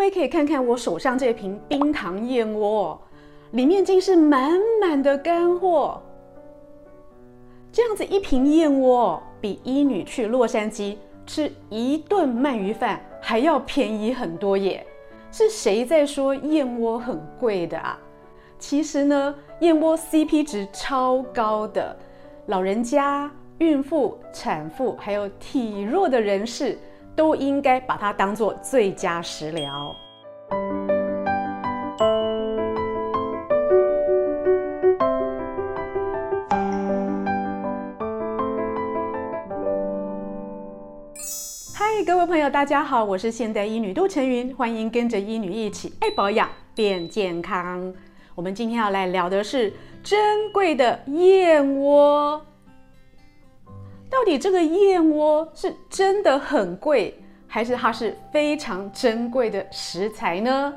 各位可以看看我手上這瓶冰糖燕窩喔，裡面竟是滿滿的乾貨。這樣子一瓶燕窩喔，比醫女去洛杉磯吃一頓鰻魚飯還要便宜很多耶！是誰在說燕窩很貴的啊？其實呢，燕窩 CP 值超高的，老人家、孕婦、產婦，還有體弱的人士。都應該把它當做最佳食療。嗨，各位朋友，大家好，我是現代醫女杜丞蕓，歡迎跟着醫女一起愛保養變健康。我們今天要來聊的是珍貴的燕窩。到底這個燕窩是真的很貴，還是它是非常珍貴的食材呢？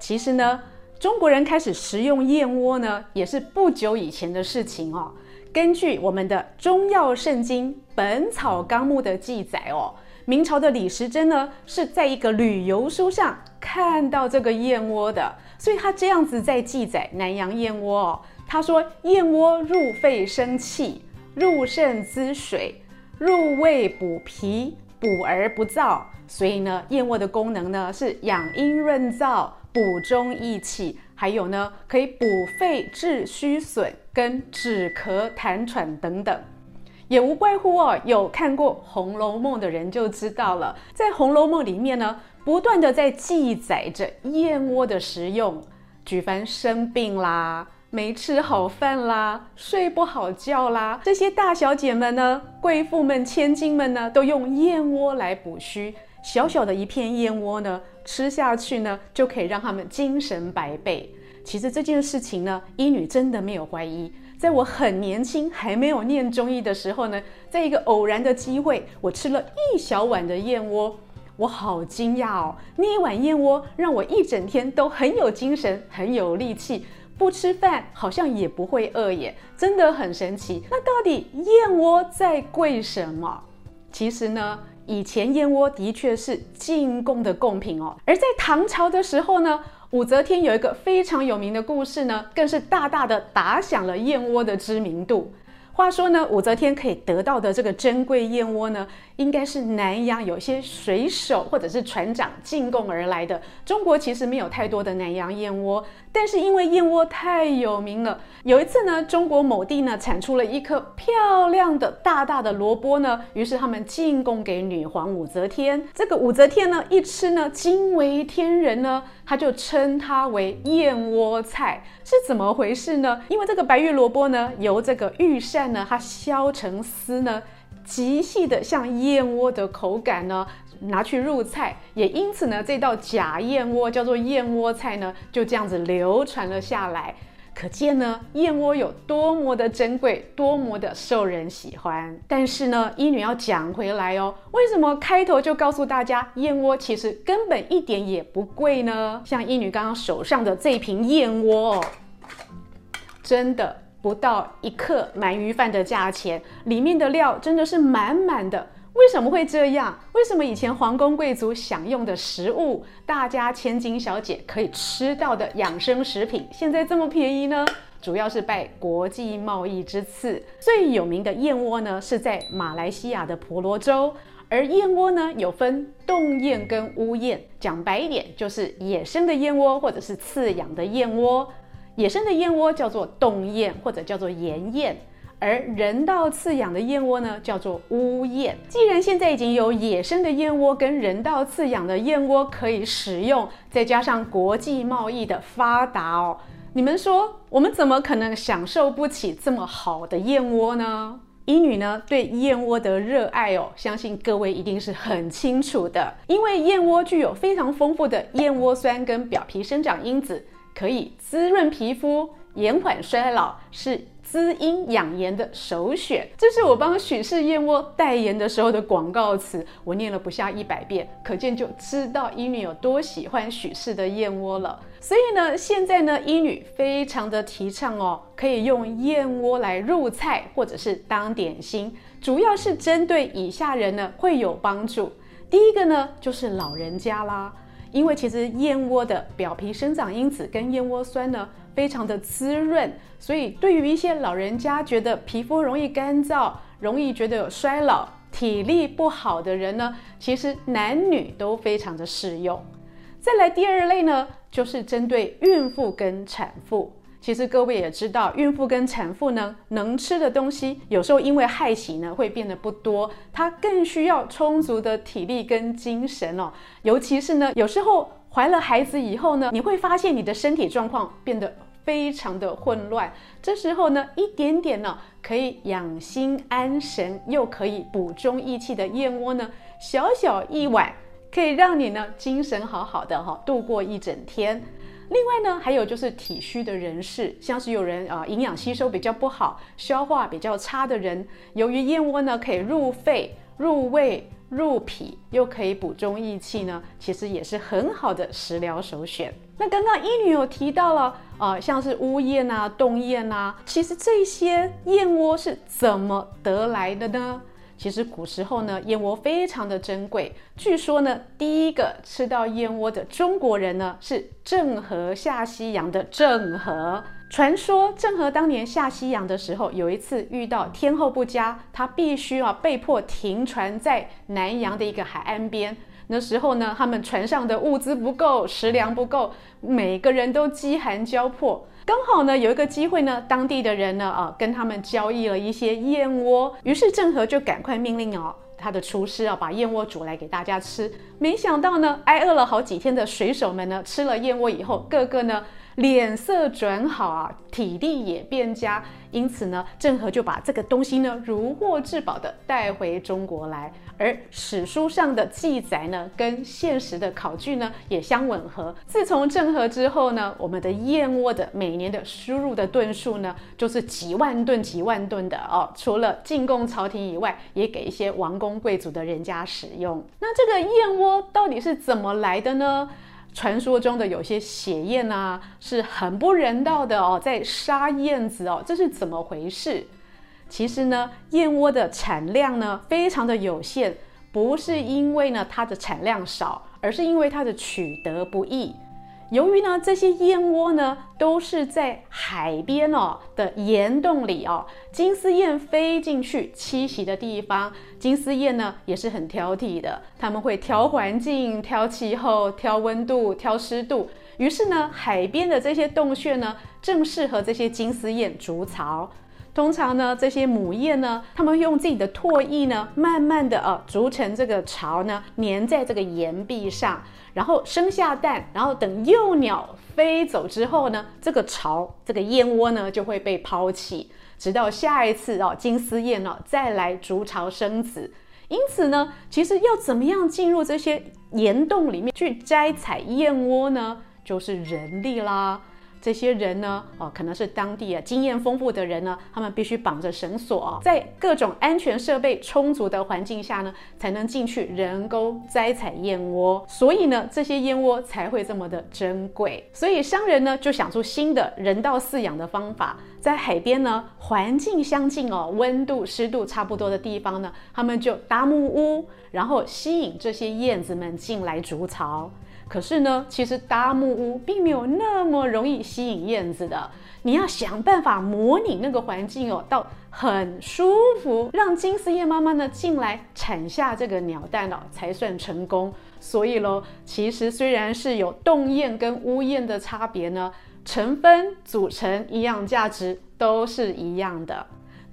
其實呢，中國人開始食用燕窩呢，也是不久以前的事情哦。根據我們的中藥聖經《本草綱目》的記載哦，明朝的李時珍呢是在一個旅游書上看到這個燕窩的，所以他這樣子在記載南洋燕窩哦，他說：“燕窩入肺生氣。”入腎滋水，入胃補脾，補而不燥。所以呢，燕窩的功能呢是養陰潤燥，補中益氣，還有呢可以補肺治虛損，跟止咳痰喘等等。也無怪乎哦，有看過《紅樓夢》的人就知道了，在《紅樓夢》裡面呢，不斷地在記載着燕窩的食用。舉凡生病啦。沒吃好飯啦，睡不好覺啦，這些大小姐們呢，貴婦們、千金們呢，都用燕窩來補虛。小小的一片燕窩呢，吃下去呢，就可以讓她們精神百倍。其實這件事情呢，醫女真的沒有懷疑。在我很年輕還沒有念中醫的時候呢，在一個偶然的機會，我吃了一小碗的燕窩，我好驚訝哦！那一碗燕窩讓我一整天都很有精神，很有力氣。不吃飯好像也不會餓耶，真的很神奇。那到底燕窩在貴什麼？其實呢，以前燕窩的確是進貢的貢品哦。而在唐朝的時候呢，武則天有一個非常有名的故事呢，更是大大的打響了燕窩的知名度。話說呢，武則天可以得到的這個珍貴燕窩呢，應該是南洋有些水手或者是船長進貢而來的。中國其實沒有太多的南洋燕窩，但是因為燕窩太有名了。有一次呢，中國某地呢產出了一顆漂亮的大大的蘿蔔呢，於是他們進貢給女皇武則天。這個武則天呢一吃呢驚為天人呢，她就稱它為燕窩菜。是怎麼回事呢？因為這個白玉蘿蔔呢，由這個御膳。但呢，它削成絲呢，極細的，像燕窩的口感呢，拿去入菜，也因此呢，這道假燕窩叫做燕窩菜呢，就這樣子流傳了下來。可見呢，燕窩有多麼的珍貴，多麼的受人喜歡。但是呢，醫女要講回來哦，為什麼開頭就告訴大家燕窩其實根本一點也不貴呢？像醫女剛剛手上的這瓶燕窩哦，真的。不到一客鰻魚飯的價錢，裡面的料真的是滿滿的。為什麼會這樣？為什麼以前皇宮貴族享用的食物，大家千金小姐可以吃到的養生食品，現在這麼便宜呢？主要是拜國際貿易之賜。最有名的燕窩呢，是在馬來西亞的婆羅洲。而燕窩呢，有分洞燕跟屋燕。講白一點，就是野生的燕窩或者是飼養的燕窩。野生的燕窩叫做洞燕，或者叫做岩燕，而人道飼養的燕窩呢，叫做屋燕。既然現在已經有野生的燕窩跟人道飼養的燕窩可以食用，再加上國際貿易的發達哦，你們說，我們怎麼可能享受不起這麼好的燕窩呢？醫女呢，對燕窩的熱愛哦，相信各位一定是很清楚的，因為燕窩具有非常豐富的燕窩酸跟表皮生長因子。可以滋潤皮膚、延緩衰老，是滋陰養顏的首選。這是我幫許氏燕窩代言的時候的廣告詞，我念了不下一百遍，可見就知道醫女有多喜歡許氏的燕窩了。所以呢，現在呢，醫女非常的提倡哦，可以用燕窩來入菜，或者是當點心，主要是針對以下人呢會有幫助。第一個呢，就是老人家啦。因為其實燕窩的表皮生長因子跟燕窩酸呢，非常的滋潤，所以對於一些老人家覺得皮膚容易乾燥、容易覺得有衰老、體力不好的人呢，其實男女都非常的適用。再來第二類呢，就是針對孕婦跟產婦。其實各位也知道，孕婦跟產婦呢，能吃的東西有時候因為害喜呢，會變得不多。她更需要充足的體力跟精神哦。尤其是呢，有時候懷了孩子以後呢，你會發現你的身體狀況變得非常的混亂。這時候呢，一點點呢，可以養心安神，又可以補中益氣的燕窩呢，小小一碗，可以讓你呢，精神好好的哈、哦，度過一整天。另外呢，還有就是體虛的人士，像是有人啊、呃、營養吸收比較不好、消化比較差的人，由於燕窩呢，可以入肺、入胃、入脾，又可以補中益氣呢，其實也是很好的食療首選。那剛剛醫女有提到了啊、呃，像是烏燕啊、凍燕啊，其實這些燕窩是怎麼得來的呢？其實古時候呢，燕窩非常的珍貴。據說呢，第一個吃到燕窩的中國人呢，是鄭和下西洋的鄭和。傳說鄭和當年下西洋的時候，有一次遇到天候不佳，他必須、啊、被迫停船在南洋的一個海岸邊。那時候呢，他們船上的物資不夠，食糧不夠，每個人都飢寒交迫。剛好呢，有一個機會呢，當地的人呢啊跟他們交易了一些燕窩，於是鄭和就趕快命令哦、啊、他的廚師啊把燕窩煮來給大家吃。沒想到呢，挨餓了好幾天的水手們呢吃了燕窩以後，個個呢。臉色轉好啊，體力也變佳，因此呢，鄭和就把這個東西呢如獲至寶的帶回中國來。而史書上的記載呢，跟現實的考據呢也相吻合。自從鄭和之後呢，我們的燕窩的每年的輸入的噸數呢，就是幾萬噸、幾萬噸的哦。除了進貢朝廷以外，也給一些王公貴族的人家使用。那這個燕窩到底是怎麼來的呢？傳說中的有些血燕啊，是很不人道的哦，在殺燕子哦，這是怎麼回事？其實呢，燕窩的產量呢，非常的有限，不是因為呢它的產量少，而是因為它的取得不易。由於呢，這些燕窩呢都是在海邊哦的岩洞裡哦。金絲燕飛進去棲息的地方。金絲燕呢也是很挑剔的，它們會挑環境、挑氣候、挑溫度、挑濕度。於是呢，海邊的這些洞穴呢正適合這些金絲燕築巢。通常呢，這些母燕呢，它們用自己的唾液呢，慢慢的哦、築成這個巢呢，粘在這個岩壁上，然後生下蛋，然後等幼鳥飛走之後呢，這個巢，這個燕窩呢，就會被拋棄，直到下一次啊、哦，金絲燕哦，再來築巢生子。因此呢，其實要怎麼樣進入這些岩洞裡面去摘採燕窩呢，就是人力啦。這些人呢，哦，可能是當地啊經驗豐富的人呢，他們必須綁着繩索，哦，在各種安全設備充足的環境下呢，才能進去人工摘採燕窩。所以呢，這些燕窩才會這麼的珍貴。所以商人呢，就想出新的人道飼養的方法，在海邊呢環境相近哦，溫度濕度差不多的地方呢，他們就搭木屋，然後吸引這些燕子們進來築巢。可是呢，其實搭木屋並沒有那麼容易吸引燕子的。你要想辦法模擬那個環境哦，到很舒服，讓金絲燕媽媽呢進來產下這個鳥蛋哦，才算成功。所以嘍，其實雖然是有洞燕跟屋燕的差別呢，成分、組成、營養價值都是一樣的。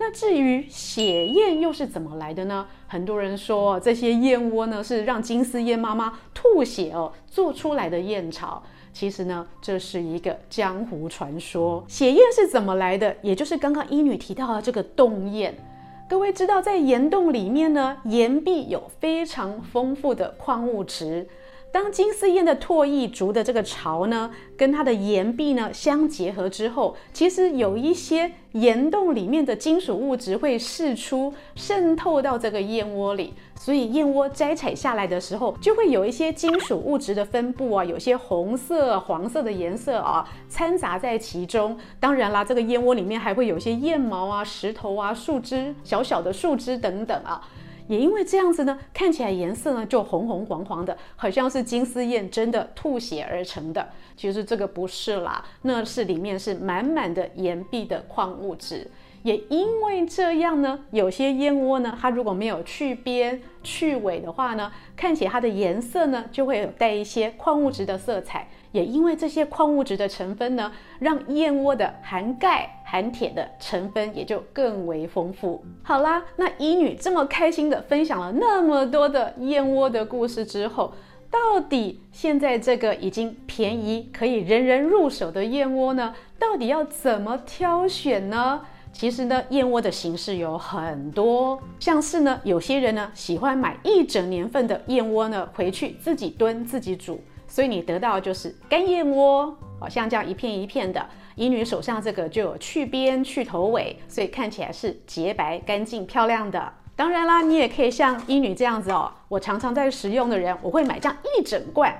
那至於血燕又是怎麼來的呢？很多人說，這些燕窩呢是讓金絲燕媽媽吐血哦，做出來的燕巢。其實呢，這是一個江湖傳說。血燕是怎麼來的？也就是剛剛醫女提到的這個洞燕。各位知道，在岩洞裡面呢，岩壁有非常豐富的礦物質。當金絲燕的唾液築的這個巢呢，跟它的岩壁呢相結合之後，其實有一些岩洞裡面的金屬物質會釋出、滲透到這個燕窩裡，所以燕窩摘採下來的時候，就會有一些金屬物質的分布啊，有些紅色、黃色的顏色啊，摻雜在其中。當然啦，這個燕窩裡面還會有一些燕毛啊、石頭啊、樹枝、小小的樹枝等等啊。也因為這樣子呢，看起來顏色呢就紅紅黃黃的，好像是金絲燕真的吐血而成的。其實這個不是啦，那是裡面是滿滿的岩壁的礦物質。也因為這樣呢，有些燕窩呢，它如果沒有去邊去尾的話呢，看起來它的顏色呢就會有帶一些礦物質的色彩。也因為這些礦物質的成分呢，讓燕窩的含鈣、含鐵的成分也就更為豐富。好啦，那醫女這麼開心的分享了那麼多的燕窩的故事之後，到底現在這個已經便宜、可以人人入手的燕窩呢，到底要怎麼挑選呢？其實呢，燕窩的形式有很多，像是呢，有些人呢喜歡買一整年份的燕窩呢，回去自己燉、自己煮。所以你得到就是乾燕窩好像這樣一片一片的。醫女手上這個就有去邊、去頭尾，所以看起來是潔白、乾淨、漂亮的。當然啦，你也可以像醫女這樣子哦、喔，我常常在食用的人，我會買這樣一整罐，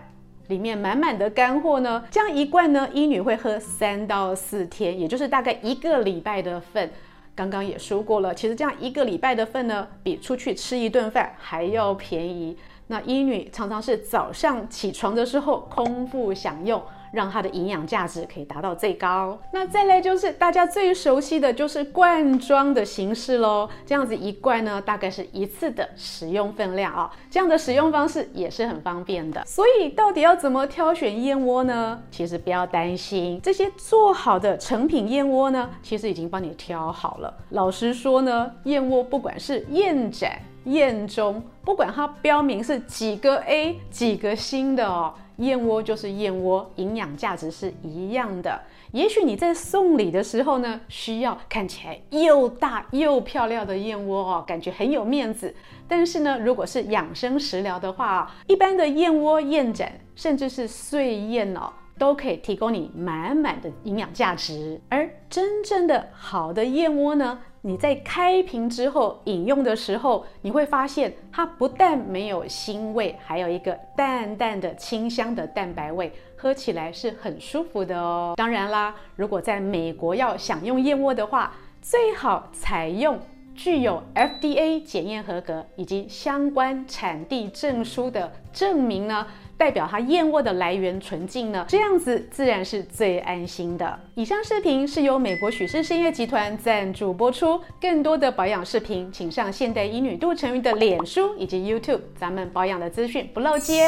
裡面滿滿的乾貨呢。這樣一罐呢，醫女會喝三到四天，也就是大概一個禮拜的份。剛剛也說過了，其實這樣一個禮拜的份呢，比出去吃一頓飯還要便宜。那醫女常常是早上起床的時候空腹享用，讓它的營養價值可以達到最高。那再來就是大家最熟悉的就是罐裝的形式嘍，這樣子一罐呢，大概是一次的使用分量啊、哦，這樣的使用方式也是很方便的。所以到底要怎麼挑選燕窩呢？其實不要擔心，這些做好的成品燕窩呢，其實已經幫你挑好了。老實說呢，燕窩不管是燕盞。燕中不管它標明是幾個 A 幾個星的哦，燕窩就是燕窩，營養價值是一樣的。也許你在送禮的時候呢，需要看起來又大又漂亮的燕窩哦，感覺很有面子。但是呢，如果是養生食療的話，一般的燕窩、燕盞，甚至是碎燕哦，都可以提供你滿滿的營養價值。而真正的好的燕窩呢，你在開瓶之後飲用的時候，你會發現它不但沒有腥味，還有一個淡淡的清香的蛋白味，喝起來是很舒服的哦。當然啦，如果在美國要享用燕窩的話，最好採用具有 FDA 檢驗合格以及相關產地證書的證明呢。代表它燕窩的來源純淨呢，這樣子自然是最安心的。以上視頻是由美國許氏深夜集團贊助播出，更多的保養視頻，請上現代醫女杜丞蕓的臉書以及 YouTube，咱們保養的資訊不漏接。